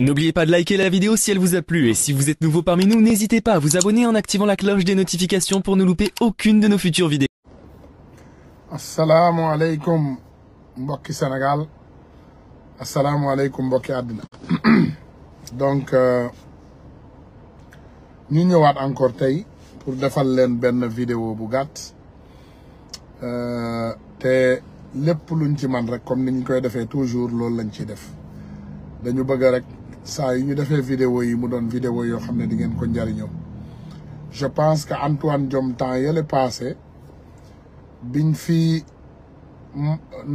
N'oubliez pas de liker la vidéo si elle vous a plu et si vous êtes nouveau parmi nous, n'hésitez pas à vous abonner en activant la cloche des notifications pour ne louper aucune de nos futures vidéos. asalaamualeykum mbokki Sénégal asalaamualeykum mbokki àddina donc euh, ñu ñëwaat encore tey pour defal leen benn vidéo bu gàtt euh, te lépp luñ ci man rek comme ni koy defee toujours loolu lañ ciy def dañu bëgg rek saa yi ñu defee vidéo yi mu doon vidéo yoo xam ne di ngeen ko njariñoo je pense que Antoine Diome temps yële passé biñ fi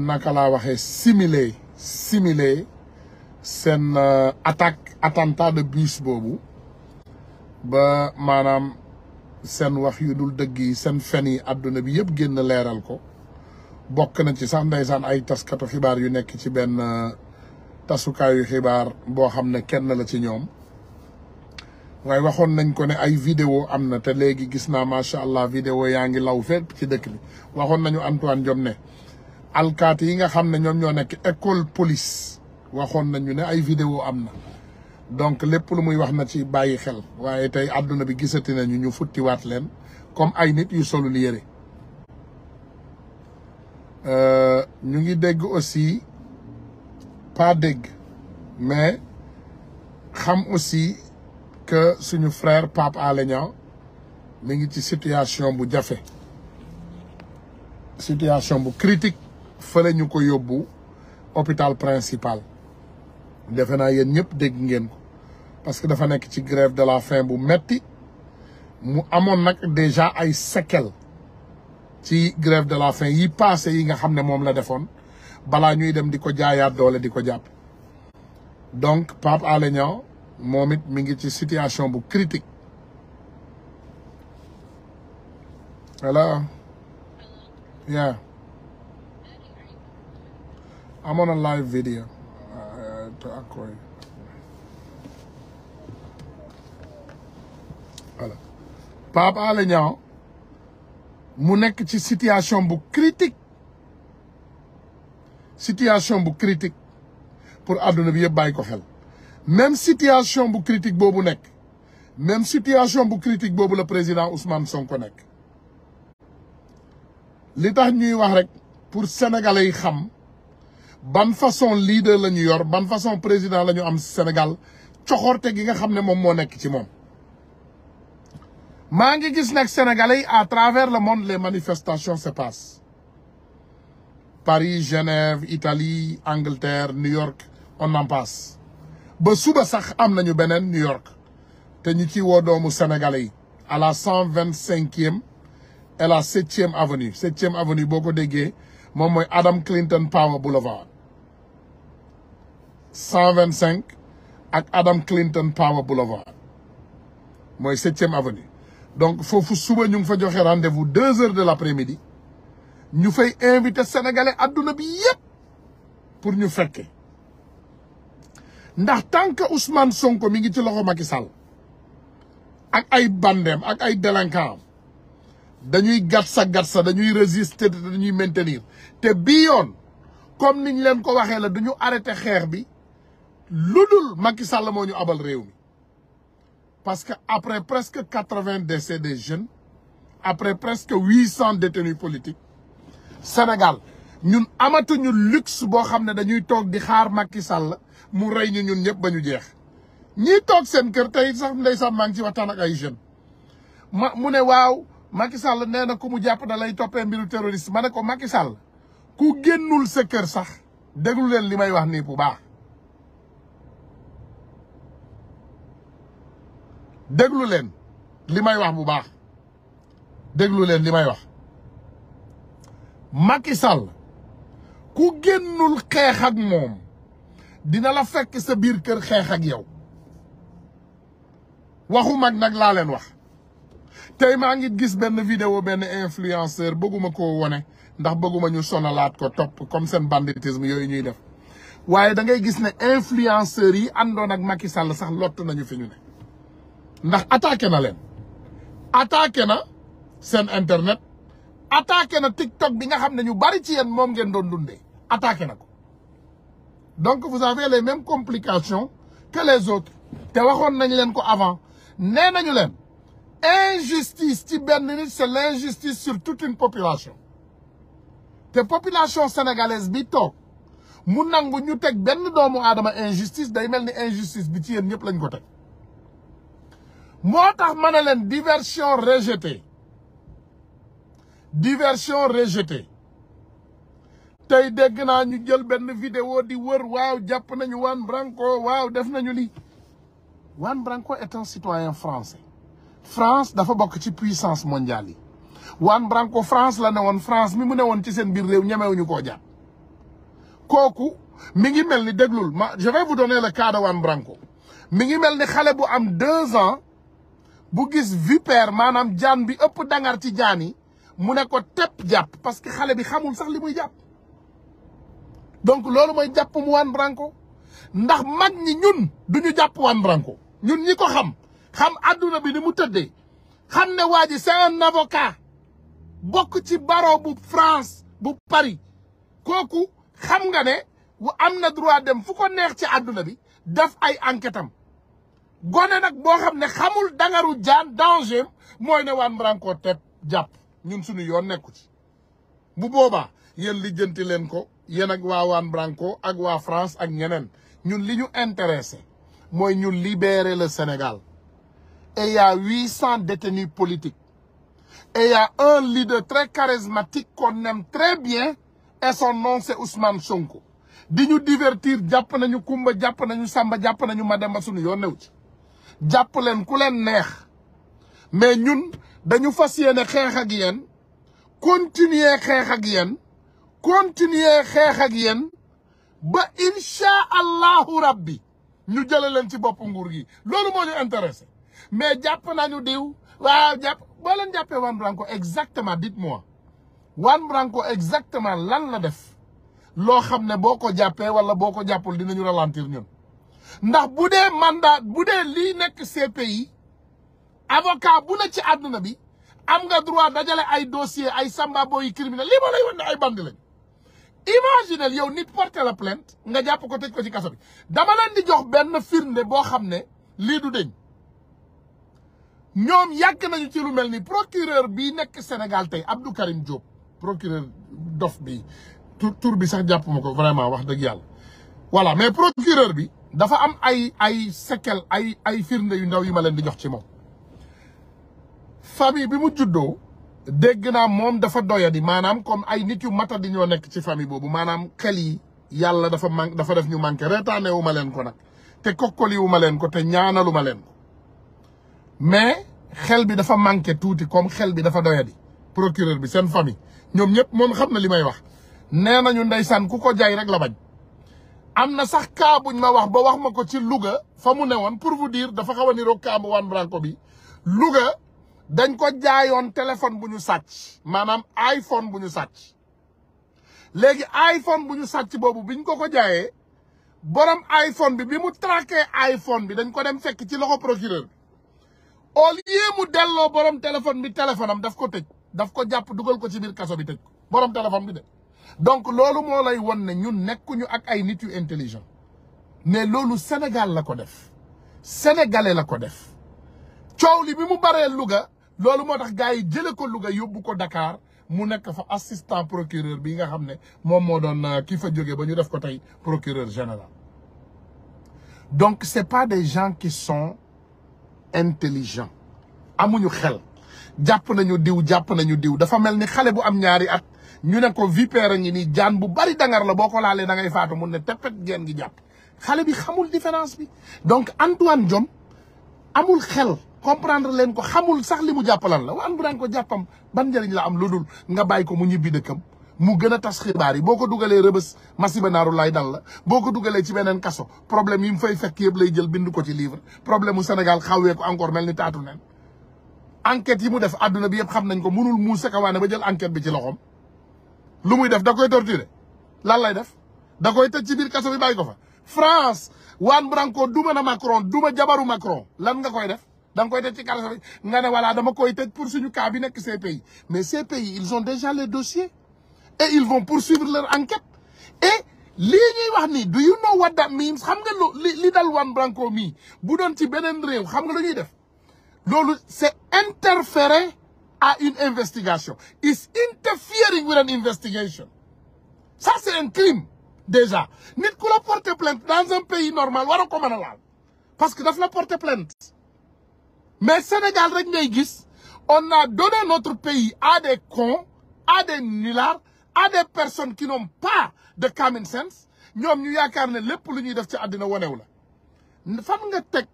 naka la waxee simuler simuler seen euh, attaque attentat de bus boobu ba maanaam seen wax yu dul dëgg yi seen fen yi àdduna bi yëpp génn leeral ko bokk na ci sax ndeysaan ay taskatu xibaar yu nekk ci benn euh, tasukaayu xibaar boo xam ne kenn la ci ñoom waaye waxoon nañ ko ne ay vidéo am na te léegi gis naa macha allah video yaa ngi law fépp ci dëkk bi waxoon nañu Antoine Diome ne alkaati yi nga xam ne ñoom ñoo nekk école police waxoon nañu ne ay vidéo am na donc lépp lu muy wax na ci bàyyi xel waaye tey àdduna bi gisati nañu ñu futtiwaat leen comme ay nit yu solul yére euh, ñu ngi dégg aussi pas dégg mais xam aussi que suñu frère Pape Alé Niang mi ngi ci situation bu jafe situation bu critique fële ñu ko yóbbu hôpital principal defe naa yéen ñëpp dégg ngeen ko parce que dafa nekk ci grève de la fin bu metti mu amoon nag déjà ay séquelles ci grève de la fin yi passé yi nga xam ne moom la defoon balaa ñuy dem di ko jaayaat doole di ko jàpp donc Pape Alé Niang moom it mi ngi ci situation bu critique voilà yeah I'm on a live uh, uh, mu nekk ci situation bu critique situation bu critique pour àdduna bi yëpp bàyyi ko xel même situation bu critique boobu nekk même situation bu critique boobu la président Ousmane ko nekk li tax ñuy wax rek pour sénégalais yi xam ban façon leader la ñu yor ban façon président la ñu am Sénégal coxorte gi nga xam ne moom moo nekk ci moom maa ngi gis nag sénégalais yi à travers le monde les manifestations se Paris Genève Italie Angleterre New York on en passe ba suba sax am nañu beneen New York te ñu ci woo doomu sénégalais yi à la cent vingt cinquième et la septième avenue septième avenue boo ko déggee moom mooy Adam Clinton Power Boulevard cent vingt cinq ak Adam Clinton Power Boulevard mooy septième avenue donc foofu suba ñu ngi fa joxe rendez-vous deux heures de l'après-midi ñu fay invité sénégalais adduna bi yépp pour ñu fekke ndax tant que Ousmane Sonko mi ngi ci loxo Macky Sall ak ay bandem ak ay délinquant dañuy gatsa gatsa dañuy résister te dañuy maintenir te bii yoon comme niñ leen ko waxee la duñu arrêté xeex bi lu dul Macky Sall moo ñu abal réew mi parce que après presque quatre-vingts décès des jeunes après presque huit cents détenus politiques Sénégal ñun amatuñu luxe boo xam ne dañuy toog di xaar Macky Sall mu rey ñu ñun ñëpp ba ñu jeex ñii toog seen kër tey sax ndeysaan maa ngi ci waxtaan ak ay jeunes ma mu ne waaw Macky Sall nee na ku mu jàpp da lay toppee mbiru terroriste ma ne ko Macky Sall ku génnul sa kër sax déglu leen li may wax nii bu baax déglu leen li may wax bu baax déglu leen li may wax Macky Sall ku génnul xeex ak moom dina la fekk sa biir kër xeex ak yow waxu mag nag laa leen wax tey maa ngi gis benn vidéo benn influenceur bëgguma ko wone ndax bëgguma ñu sonalaat ko topp comme seen banditisme yooyu ñuy def waaye da ngay gis ne influenceurs yi àndoon ak Macky Sall sax lott nañu fi ñu ne ndax attaqué na leen attaqué na seen internet attaqué na TikTok bi nga xam ne ñu bari ci yéen moom ngeen doon dundee attaqué na ko donc vous avez les mêmes complications que les autres te waxoon nañ leen ko avant nee nañu leen injustice ci benn nit c'est l'injustice sur toute une population te population sénégalaise bi toog mu nangu ñu teg benn doomu aadama injustice day mel ni injustice bi ci yéen ñëpp lañ ko teg moo tax ma ne leen diversion rejetée diversion rejetée tey dégg naa ñu jël benn vidéo di wër waaw jàpp nañu Juan Branco waaw def nañu lii Juan Branco et un citoyen france France dafa bokk ci puissance mondiale yi Juan Branco France la ne woon France mi mu ne woon ci seen biir réew ñemewuñu koo jàpp kooku mi ngi mel ni déglul ma je vais vous donner le Branco mi ngi mel ni xale bu am deux ans bu gis vipère maanaam jaan bi ëpp dangar ci jaan yi mu ne ko tepp jàpp parce que xale bi xamul sax li muy jàpp donc loolu mooy jàpp mu Juan Branco ndax mag ñi ñun duñu jàpp Juan Branco ñun ñi ko xam xam àdduna bi ni mu tëddee xam ne waa ji c'est un avocat bokk ci barreau bu France bu Paris kooku xam nga ne wu am na droit dem fu ko neex ci àdduna bi def ay enquête am gone nag boo xam ne xamul dangaru jaan danger mooy ne waan Branco te jàpp ñun suñu yoon nekku ci bu boobaa yéen lijjanti leen ko yéen ak waa waan Branco ak waa France ak ñeneen ñun li ñu intéressé mooy ñu libérer le Sénégal et il y a huit politique détenus et il y a un leader très charismatique qu'on aime très bien et son nom c'est Ousmane Sonko di ñu divertir jàpp nañu Kumba jàpp nañu Samba jàpp nañu ma Mademba suñu yoon new ci jàpp leen ku leen neex mais ñun dañu fas yéene xeex ak yéen continuer xeex ak yéen continuer xeex ak yéen ba incha allahu rabbi ñu jëlee leen ci bopp nguur gi loolu moo ñu intéressé mais jàpp nañu diw waaw jàpp boo leen jàppee Juan Branco exactement dites-moi Juan Branco exactement lan la def loo xam ne boo ko jàppee wala boo ko jàppul dinañu ralentir ñun ndax bu dee mandat bu dee lii nekk CPI avocat bu ne ci àdduna bi am nga droit dajale ay dossier ay samba boy criminel lii ma lay wan ne ay bandi lañ imaginel yow nit porté la plainte nga jàpp ko teg ko ci kaso bi dama leen di jox benn firnde boo xam ne lii du deñ ñoom yàgg nañu ci lu mel ni procureur bii nekk Sénégal tey Abdou Karim Diop procureur dof bi tur tur bi sax jàpp ma ko vraiment wax dëgg yàlla voilà mais procureur bi dafa am ay ay séquelles ay ay firnde yu ndaw yi ma leen di jox ci moom famille bi mu juddoo dégg naa moom dafa doyadi maanaam comme ay nit yu mata di ñoo nekk ci famille boobu maanaam xel yi yàlla dafa man dafa def ñu manqué reetaane wu ma leen ko nag te kokkoli wu ma leen ko te ñaanalu ma leen ko mais xel bi dafa manqué tuuti comme xel bi dafa doyadi procureur bi seen famille ñoom ñëpp moom xam na li may wax nee nañu ndeysaan ku ko jaay rek la bañ am na sax kaa buñ ma wax ba wax ma ko ci Louga fa mu ne woon pour vous diir dafa xaw a niroog kaa bu Juan Branco bi dañ ko jaayoon téléphone bu ñu sàcc maanaam iPhone bu ñu sàcc léegi iPhone bu ñu sàcc boobu biñ ko ko jaayee borom iPhone bi bi mu traqué iPhone bi dañ ko dem fekk ci loxo procureur bi au lieu mu delloo borom téléphone bi téléphone am daf ko tëj daf ko jàpp dugal ko ci biir kaso bi tëj ko borom téléphone bi de donc loolu moo lay won ne ñun nekkuñu ak ay nit yu intelligent mais loolu Sénégal la ko def sénégalais la ko def coow li bi mu baree Louga loolu moo tax gars yi jëlee ko Louga yóbbu ko Dakar mu nekk fa assistant procureur bi nga xam ne moom moo doon euh, kii fa jógee ba ñu def ko tey procureur général donc c'est pas des gens qui sont intelligents amuñu xel jàpp nañu diw jàpp nañu diw dafa mel ni xale bu am ñaari at ñu ne ko vipère ngi ni jaan bu bari dangar la boo ko laalee da ngay faatu mun ne teppet geen gi jàpp xale bi xamul différence bi donc Antoine Diome amul xel comprendre leen ko xamul sax li mu jàppalan la wa an bu daan ko jàppam ban njëriñ la am lu dul nga bàyyi ko mu ñibbi dëkkam mu gën a tas xibaar yi boo ko dugalee rëbës masiba naaru lay dal la boo ko dugalee ci beneen kaso problème yi mu fay fekk yëpp lay jël bind ko ci livre problème mu Sénégal xawee ko encore mel ni taatu neen enquête yi mu def àdduna bi yëpp xam nañ ko mënul mu waane ba jël enquête bi ci loxoom lu muy def da koy torturer lan lay def da koy tëj ci biir kaso bi bàyyi ko fa France Juan Branco duma na Macron duma jabaru Macron lan nga koy def da nga koy def ci carcéral nga ne voilà dama koy tëj pour suñu cas bi nekk CPI mais CPI ils ont déjà les dossiers et ils vont poursuivre leur enquête et lii ñuy wax ni do you know what that means xam nga lu li li dal Juan Branco mi bu doon ci beneen réew xam nga lu def loolu c'est interférer à une investigation is interfering with an investigation ça c'est un crime déjà nit ku la porter plainte dans un pays normal war a ko mën a laal parce que daf la porter plainte mais Sénégal rek ngay gis on a donné notre pays à des cons à des nullards à des personnes qui n'ont pas de common sense ñoom ñu yaakaar ne lépp lu ñuy def ci àddina wanew la fan nga teg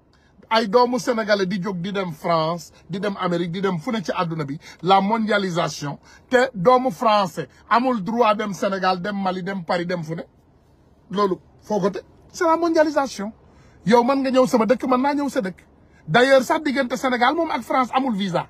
ay doomu sénégalais di jóg di dem France di dem Amérique di dem fu ne ci àdduna bi la mondialisation te doomu français amul droit dem Sénégal dem Mali dem pari dem fu ne loolu foo ko te c'est la mondialisation yow man nga ñëw sama dëkk man naa ñëw sa dëkk d' ailleurs sax diggante Sénégal moom ak France amul visa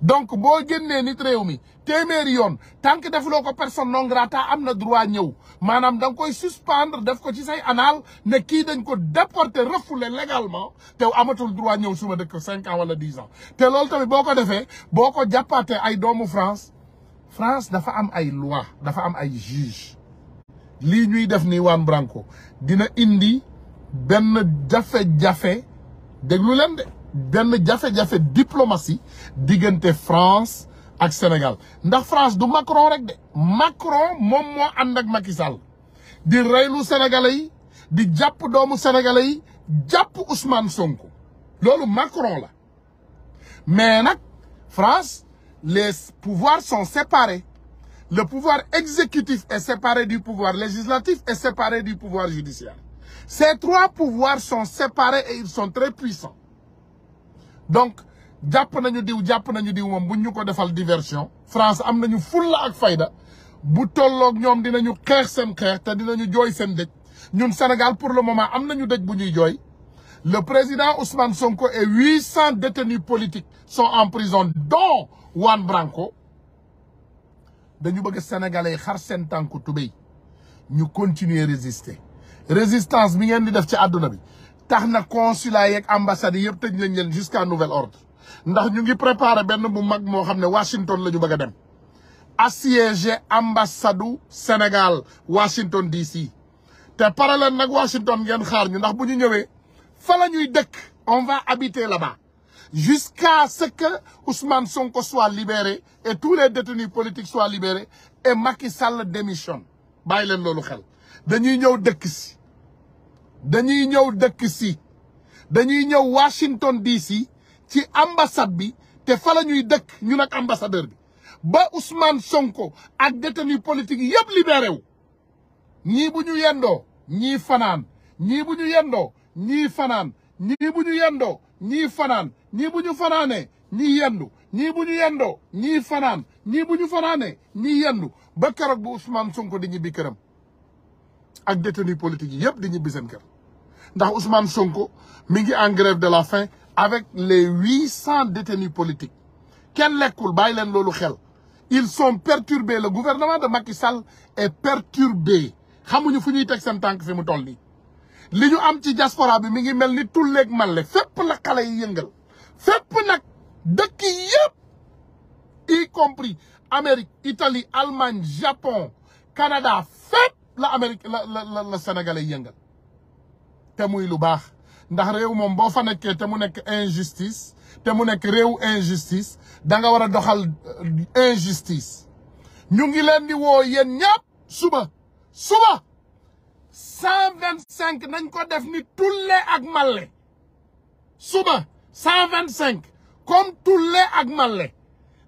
donc boo génnee nit réew mi téeméeri yoon tant defuloo ko personne non grata am na droit ñëw maanaam da koy suspendre def ko ci say anal ne kii dañ ko déporter refoulé légalement te amatul droit ñëw suma dëkk cinq ans wala dix ans te loolu tamit boo ko defee boo ko jàppaatee ay doomu France France dafa am ay loi dafa am ay juge lii ñuy def ni Juan Branco dina indi benn jafe-jafe déglu leen de benn jafe-jafe diplomatie diggante France ak Sénégal ndax France du Macron rek de Macron moom moo ànd ak Macky Sall di reylu sénégalais yi di jàpp doomu sénégalais yi jàpp Ousmane Sonko loolu Macron la mais nag France les pouvoirs sont séparés le pouvoir exécutif est séparé du pouvoir législatif est séparé du pouvoir judiciaire Ces trois pouvoirs sont séparés et ils sont très puissants. donc jàpp nañu diw jàpp nañu diw moom buñ ñu ko defal diversion France am nañu fulla ak fayda bu tolloog ñoom dinañu xeex seen xeex te dinañu jooy seen dëj ñun Sénégal pour le moment am nañu dëj bu ñuy jooy le président Ousmane Sonko et huit cent détenus politiques sont en prison dont Juan Branco dañu bëgg sénégalais xar seen tànku tubéy ñu continuer résister résistance bi ngeen di def ci àdduna bi tax na consulat yeeg ambassades yi yëpp tëj nañ leen jusqu'à nouvel ordre ndax ñu ngi préparer benn bu mag moo xam ne Washington la ñu bëgg a dem assiéger ambassadu Sénégal Washington DC te pare leen nag Washington ngeen xaar ñu ndax bu ñu ñëwee fa la ñuy dëkk on va habiter là-bas jusqu'à ce que Ousmane Sonko soit libéré et tous les détenus politiques soient libérés et Macky Sall démissionne bàyyi leen loolu xel dañuy ñëw dëkk dañuy ñëw dëkk si dañuy ñëw Washington DC ci ambassade bi te fala ñuy dëkk ñu nag ambassadeur bi ba Ousmane Sonko ak détenu politique yëpp libéré wu ñii bu ñu yendoo ñii fanaan ñii ñu yendoo ñi fanaan ñii bu ñu yendoo ñii fanaan ñii bu ñu yendu ñii ñu yendoo ñi fanaan ñii bu ñu fanaane ñii yendu ba keroog bu Ousmane Sonko di ñibbi këram ak détenus politique yi yëpp di ñibbi seen kër ndax Ousmane Sonko mi ngi en grève de la faim avec les huit cent détenus politiques kenn lekkul bàyyi leen loolu xel ils sont perturbés la gouvernement de Macky Sall est perturbé xamuñu fu ñuy teg seen tànk fi mu toll nii li ñu am ci diaspora bi mi ngi mel ni tulleeg mal le fépp la xale yi yëngal fépp nag dëkk yëpp y compris Amérique Italie Allemagne Japon Canada la Amérique la la la Sénégalais yëngal te muy lu baax ndax réew moom boo fa nekkee te mu nekk injustice te mu nekk réew injustice danga nga war a doxal euh, injustice ñu ngi leen di woo yéen ñëpp suba suba cent vingt cinq nañ ko def ni tulle ak male suba cent vingt cinq comme tulle ak malle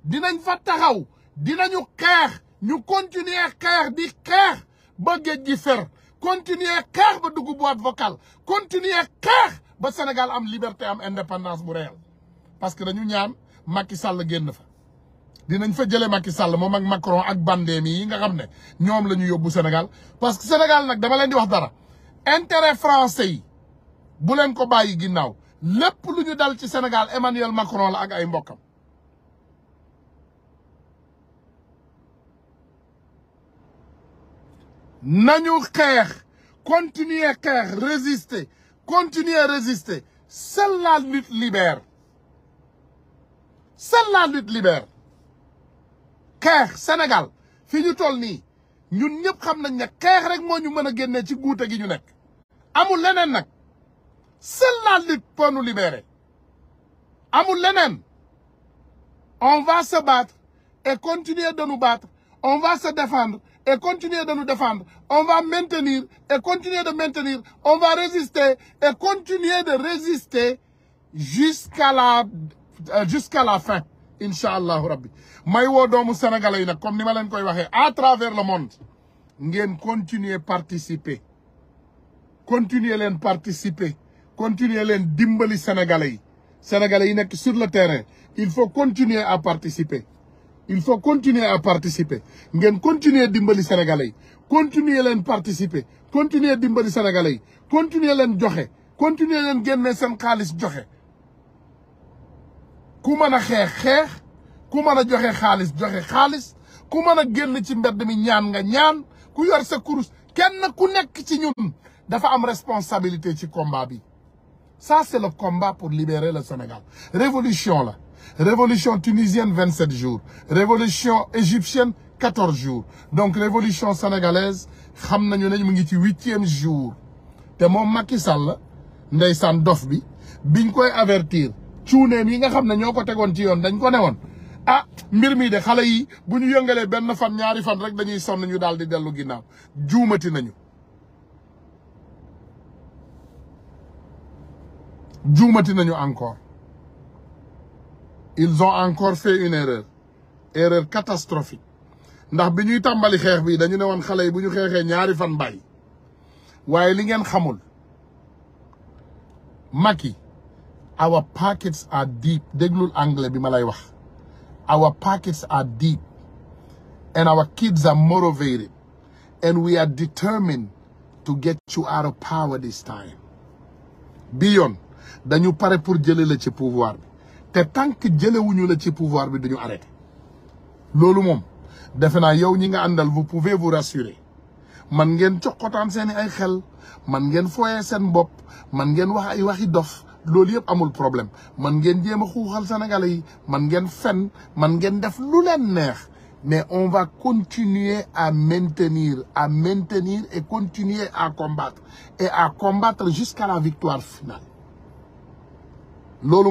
dinañ fa taxaw dinañu xeex ñu continuer xeex di xeex ba géej gi fer continuer xeex ba dugg boîte vocale continuer xeex ba Sénégal am liberté am indépendance bu réel parce que dañu ñaan Macky Sall génn fa dinañ fa jëlee Macky Sall moom ak Macron ak bandeem yi nga xam ne ñoom la ñu yóbbu Sénégal parce que Sénégal nag dama leen di wax dara intérêt français yi bu leen ko bàyyi ginnaaw lépp lu ñu dal ci Sénégal Emmanuel Macron la ak ay mbokkam nañu xeex continuer xeex résister continuer résister seule la lutte libère seule la libère xeex senegal fi ñu toll nii ñun ñëpp xam nañ ne xeex rek moo ñu mën a génne ci guute gi ñu nekk amul leneen nag seule la lutte pour nous amul leneen on va se battre et continuer de nous battre on va se et continuer de nous défendre. On va maintenir et continuer de maintenir. On va résister et continuer de résister jusqu'à la euh, jusqu'à la fin incha allahu rabbi may woo doomu sénégalais yi nag comme ni ma leen koy waxee à travers le monde ngeen continuer participer continuer leen participer continuer leen dimbali sénégalais yi sénégalais yi nekk sur le terrain il faut continuer à participer il faut continuer à participer ngeen continuer dimbali sénégalais yi continuer leen participer continuer dimbali sénégalais yi continuer leen joxe continuer leen génne seen xaalis joxe ku mën a xeex xeex ku mën a joxe xaalis joxe xaalis ku mën a génn ci mbedd mi ñaan nga ñaan ku yor sa kurus kenn ku nekk ci ñun dafa am responsabilité ci combat bi ça c'est le combat pour libérer le Sénégal révolution la révolution tunisienne 27 jours révolution égyptienne 14 jours donc révolution sénégalaise xam nañu nañ mu ngi ci huitième jour te moom Macky Sall ndeysaan dof bi biñ koy avertir cuuneem yi nga xam ne ñoo ko tegoon ci yoon dañ ko newoon ah mbir mii de xale yi bu ñu yëngalee benn fan ñaari fan rek dañuy sonn ñu daal di dellu ginnaaw juumati nañu juumati nañu encore ils ont encore fait une erreur erreur catastrophique ndax bi ñuy tàmbali xeex bi dañu ne woon xale yi bu ñu xeexee ñaari fan bàyyi waaye li ngeen xamul maki our pockets are deep déglul anglais bi ma lay wax our pockets are deep and our kids are motivated and we are determined to get you out power this time bi yoon dañu pare pour jële la ci pouvoir te tant que jëlewuñu la ci pouvoir bi duñu arrêté loolu moom defe naa yow ñi nga àndal vous pouvez vous rassurer man ngeen coqotaan seen ay xel man ngeen foye seen bopp man ngeen wax ay waxi dof loolu yëpp amul problème man ngeen jéem a xuuxal sénégalais yi man ngeen fen man ngeen def lu leen neex mais on va continuer à maintenir à maintenir et continuer à combattre et à combattre jusqu'à la victoire finale loolu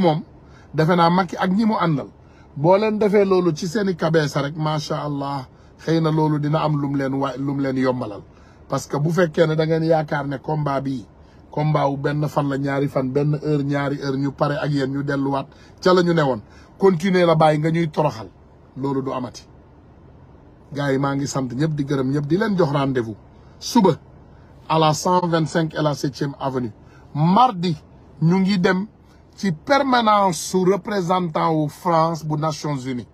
defe naa Macky ak ñi mu àndal boo leen defee loolu ci seen i kabeesa rek macha allah xëy na loolu dina am lum leen wa lum leen yombalal parce que bu fekkee ne da ngeen yaakaar ne combat bii combat wu benn fan la ñaari fan benn heure ñaari heure ñu pare ak yéen ñu delluwaat ca la ñu woon continuer la bàyyi nga ñuy toroxal loolu du amati. gars yi maa ngi sant ñëpp di gërëm ñëpp di leen jox rendez-vous suba à la 125 et la 7e avenue mardi ñu ngi dem. ci permanence su représentant wu France bu Nations Unies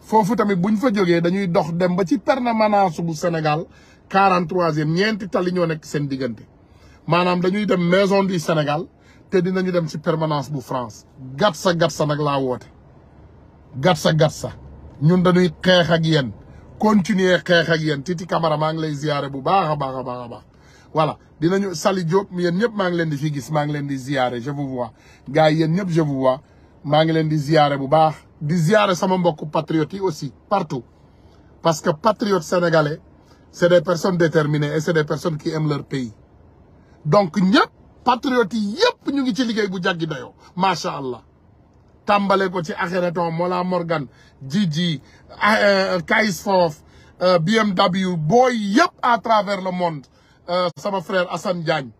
foofu tamit bu ñu fa jógee dañuy dox dem ba ci permanence bu Sénégal 43 ñeenti tali ñoo nekk seen diggante maanaam dañuy dem maison du Sénégal te dinañu dem ci permanence bu France gatsa gatsa nag laa woote gatsa gatsa ñun dañuy xeex ak yéen continuer xeex ak yéen Titi Camara maa ngi lay ziyaare bu baax a baax a baax a baax. voilà dinañu Sali Diop yéen ñëpp maa ngi leen di fi gis maa ngi leen di ziare je vous vois gars yi yéen ñëpp je vous vois maa ngi leen di ziare bu baax di ziare sama mbokk patriotes yi aussi partout parce que patriotes sénégalais c'est des personnes déterminées et c'est des personnes qui aiment leur pays donc ñëpp patriotes yi yëpp ñu ngi ci liggéey bu jàggi dayoo macha allah tàmbale ko ci Akhenaton Mola Morgan Djidji eh, eh, Kayz Fof eh, BMW booy yëpp à travers le monde Euh, sama frère Assane Diagne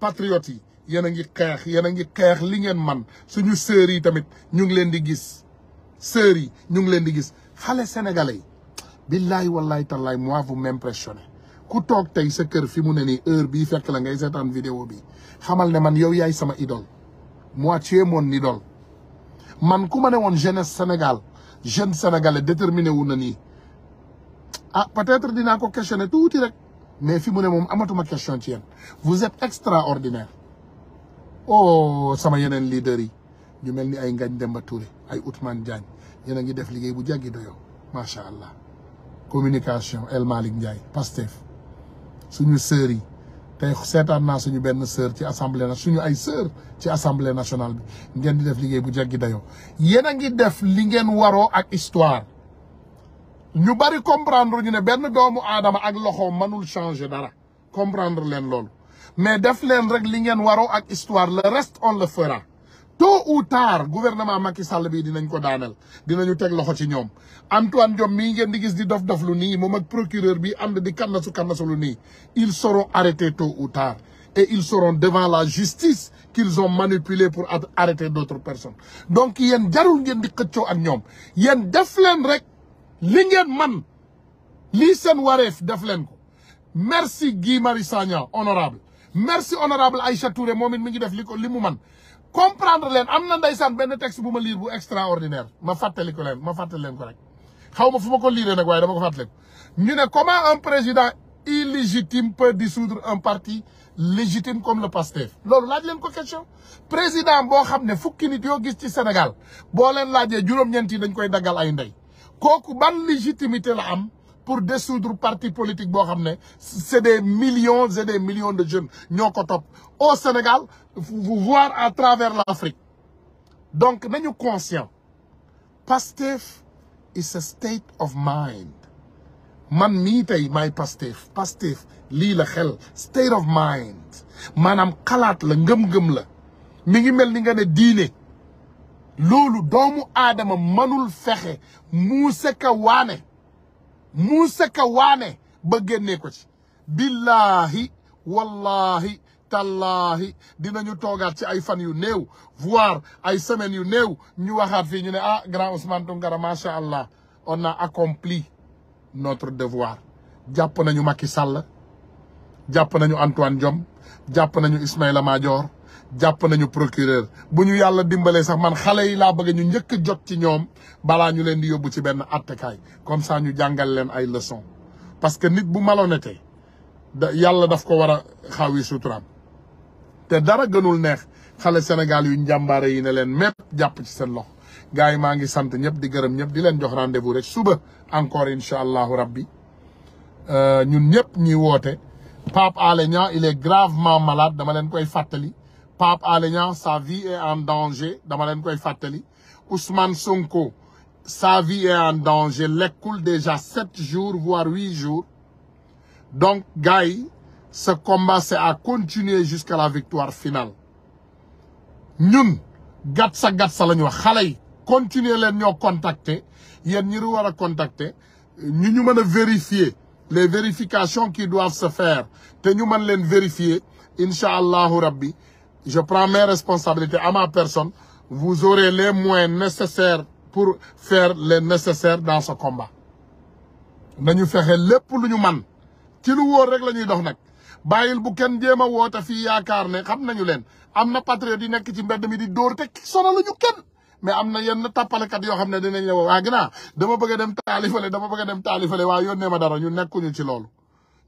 patriote yi yéen a ngi xeex yéen a ngi xeex li ngeen man suñu sœurs yi tamit ñu ngi leen di gis sœurs yi ñu ngi leen di gis xale sénégalais yi billaay wallaay tallaay moi vous m'impressionnez ku toog tey sa kër fi mu ne nii heure bi fekk la ngay seetaan vidéo bi xamal ne man yow yaay sama idole moi tu moon mon idole man ku ma ne woon jeunesse Sénégal jeune sénégalais déterminé wu na nii a ah, peut-être dinaa ko questionner tuuti rek mais fi mu ne moom amatuma question ci yéen vous êtes extraordinaire oh sama yeneen leaders yi ñu mel ni ay Ngagne Demba Touré ay Ousmane Diagne yéen a ngi def liggéey bu jàggi doyoo macha allah communication El Malick Ndiaye Pastef suñu sœurs yi tey seetaan naa suñu benn sœur ci assemblée na suñu ay ci assemblée nationale bi ngeen di def liggéey bu jàggi dayoo yéen a ngi def li ngeen waroo ak histoire ñu bari comprendre ñu ne benn doomu aadama ak loxo mënul changer dara comprendre leen loolu mais def leen rek li ngeen waroo ak histoire le rest on le fera tôt ou tard gouvernement Macky Sall bii dinañ ko daaneel dinañu teg loxo ci ñoom Antoine Diome mii ngeen di gis di dof dof lu nii moom ak procureur bi ànd di kannasu kannasu lu nii ils seront arrêtés tôt ou tard et ils seront devant la justice qu'ils on manipulé pour arrêter d'autres personnes donc yéen jarul ngeen di xëccoo ak ñoom yéen def leen rek li ngeen man lii seen wareef def leen ko merci Guy Marius Sagna honorable merci honorable Aïcha Touré moom it mi ngi def li ko li mu man comprendre leen am na ndeysaan benn texte bu ma liir bu extraordinaire ma fàttali ko leen ma fàttali leen ko rek xaw ma fu ma ko liiree nag waaye dama ko fàttali ko ñu ne comment un président illégitime peut dissoudre un parti légitime comme le PASTEF loolu laaj leen ko question président boo xam ne fukki nit yoo gi ci Sénégal boo leen laajee juróom dañ koy daggal ay ndey kooku ban légitimité la am pour dissoudre parti politique boo xam ne c'est des millions et des millions de jeunes ñoo ko topp au Sénégal vous voir à travers l'Afrique donc nañu conscient Pastef is a state of mind man mii tey maay Pastef lii la xel state of mind maanaam xalaat la ngëm-ngëm la mi ngi mel ni nga ne diine loolu doomu aadama manul fexe muuse ka waane muuse ka waane ba génne ko ci billaahi wallaahi tallaahi dinañu toogaat ci ay fan yu néew voire ay semaines yu néew ñu waxaat fii ñu ne ah grand Ousmane Tounkara macha allah on a accompli notre devoir jàpp nañu Macky Sall jàpp nañu Antoine jom jàpp nañu Ismaïla Madior jàpp nañu procureur bu ñu yàlla dimbalee sax man xale yi laa bëgg ñu njëkk a jot ci ñoom balaa ñu leen di yóbbu ci benn attekaay comme sax ñu jàngal leen ay leçon parce que nit bu malhonnête da yàlla daf ko war a xawi suturaam te dara gënul neex xale Sénégal yu njàmbaare yi ne leen mépp jàpp ci seen lox gaa yi maa ngi sant ñëpp di gërëm ñëpp di leen jox rendez-vous rek suba encore incha allahu rabbi euh, ñun ñëpp ñuy woote Pape Alé Niang il est gravement malade dama leen koy fàttali Pape Alé Niang sa vie est en danger dama leen koy fàttali Ousmane Sonko sa vie est en danger lekkul déjà sept jours voire huit jours donc gars yi ce combat c'est à continuer jusqu'à la victoire finale ñun gat sa gat sa la ñu wax xale yi continuer leen ñoo contacter yéen ñi war a contacter ñu ñu mën a vérifier les vérifications qui doivent se faire te ñu mën leen vérifier incha allahu rabbi je prends mes responsabilités à ma personne. Vous aurez les moyens nécessaires pour faire les nécessaire dans ce combat. nañu fexe lépp lu ñu man ci lu woor rek la ñuy dox nag bàyyil bu kenn jéem a woote fii yaakaar ne xam nañu leen am na patriote yi nekk ci mbedd mi di dóor te sonaluñu kenn mais am na yenn tappalekat yoo xam ne dinañ la woo waa ah, ginnaaw dama bëgg a dem taalifale dama bëgg a dem taalifale waa yónnee ma dara ñu nekkuñu ci loolu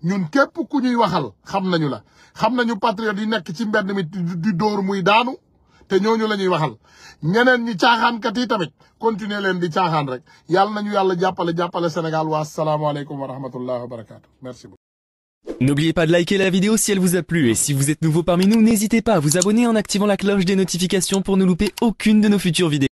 ñun képp ku ñuy waxal xam nañu la xam nañu patriote yi nekk ci mbedd mi di door muy daanu te ñooñu la ñuy waxal ñeneen ñi caaxaankat yi tamit continuer leen di caaxaan rek yàlla nañu yàlla jàppale jàppale Sénégal waa salaamaaleykum wa rahmatullah wa barakaatu merci beaucoup. N'oubliez pas de liker la vidéo si elle vous a plu et si vous êtes nouveau parmi nous, n'hésitez pas à vous abonner en activant la cloche des notifications pour ne louper aucune de nos futures